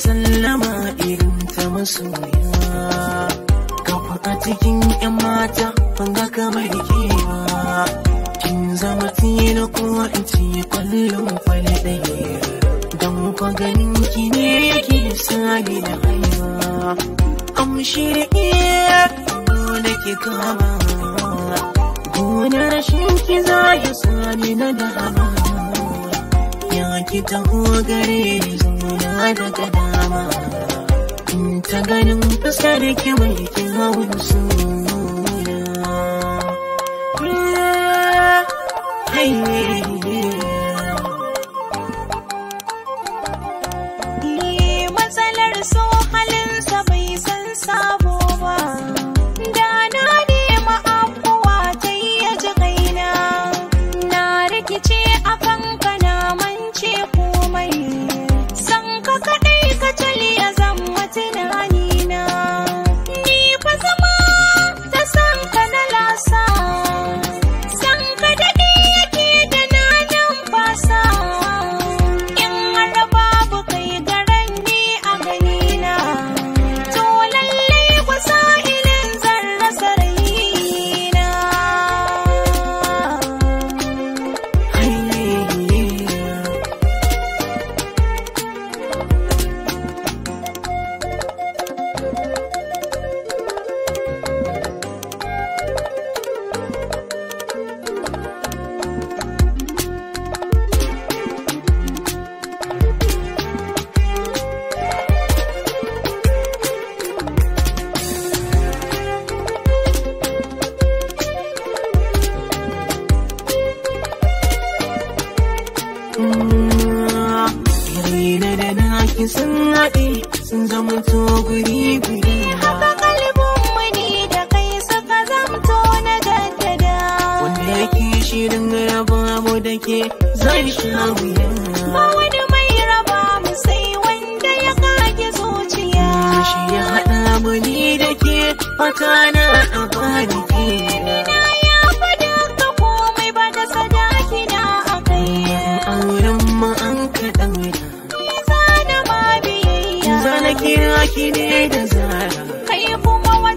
sallama irin ta masoya kafa a cikin yan mata ban ga kamar kewa kin zama tilo ko in ci kwallon kwale ɗaya don kwa ganin ki ne sani da haiwa amshi shirya iya na ke kama gona rashin ki za ya sani na dama ki taho gare zuwa da dama ta ganin fuskar ki mai kin hawan matsalar so halinsa bai san sabo ba da na nema abuwa ta yi ya ji kaina na rikice na da naki sun haɗe sun zama to guri guri Haka kalbin muni da kai suka zamto na gaddada Wanda yake shirin raba da ke zai sha wuya Ba wani mai raba mu sai wanda ya kage zuciya ya haɗa mu ni da ke bakana a bariki za na kira ki ne da zara. Kai kuma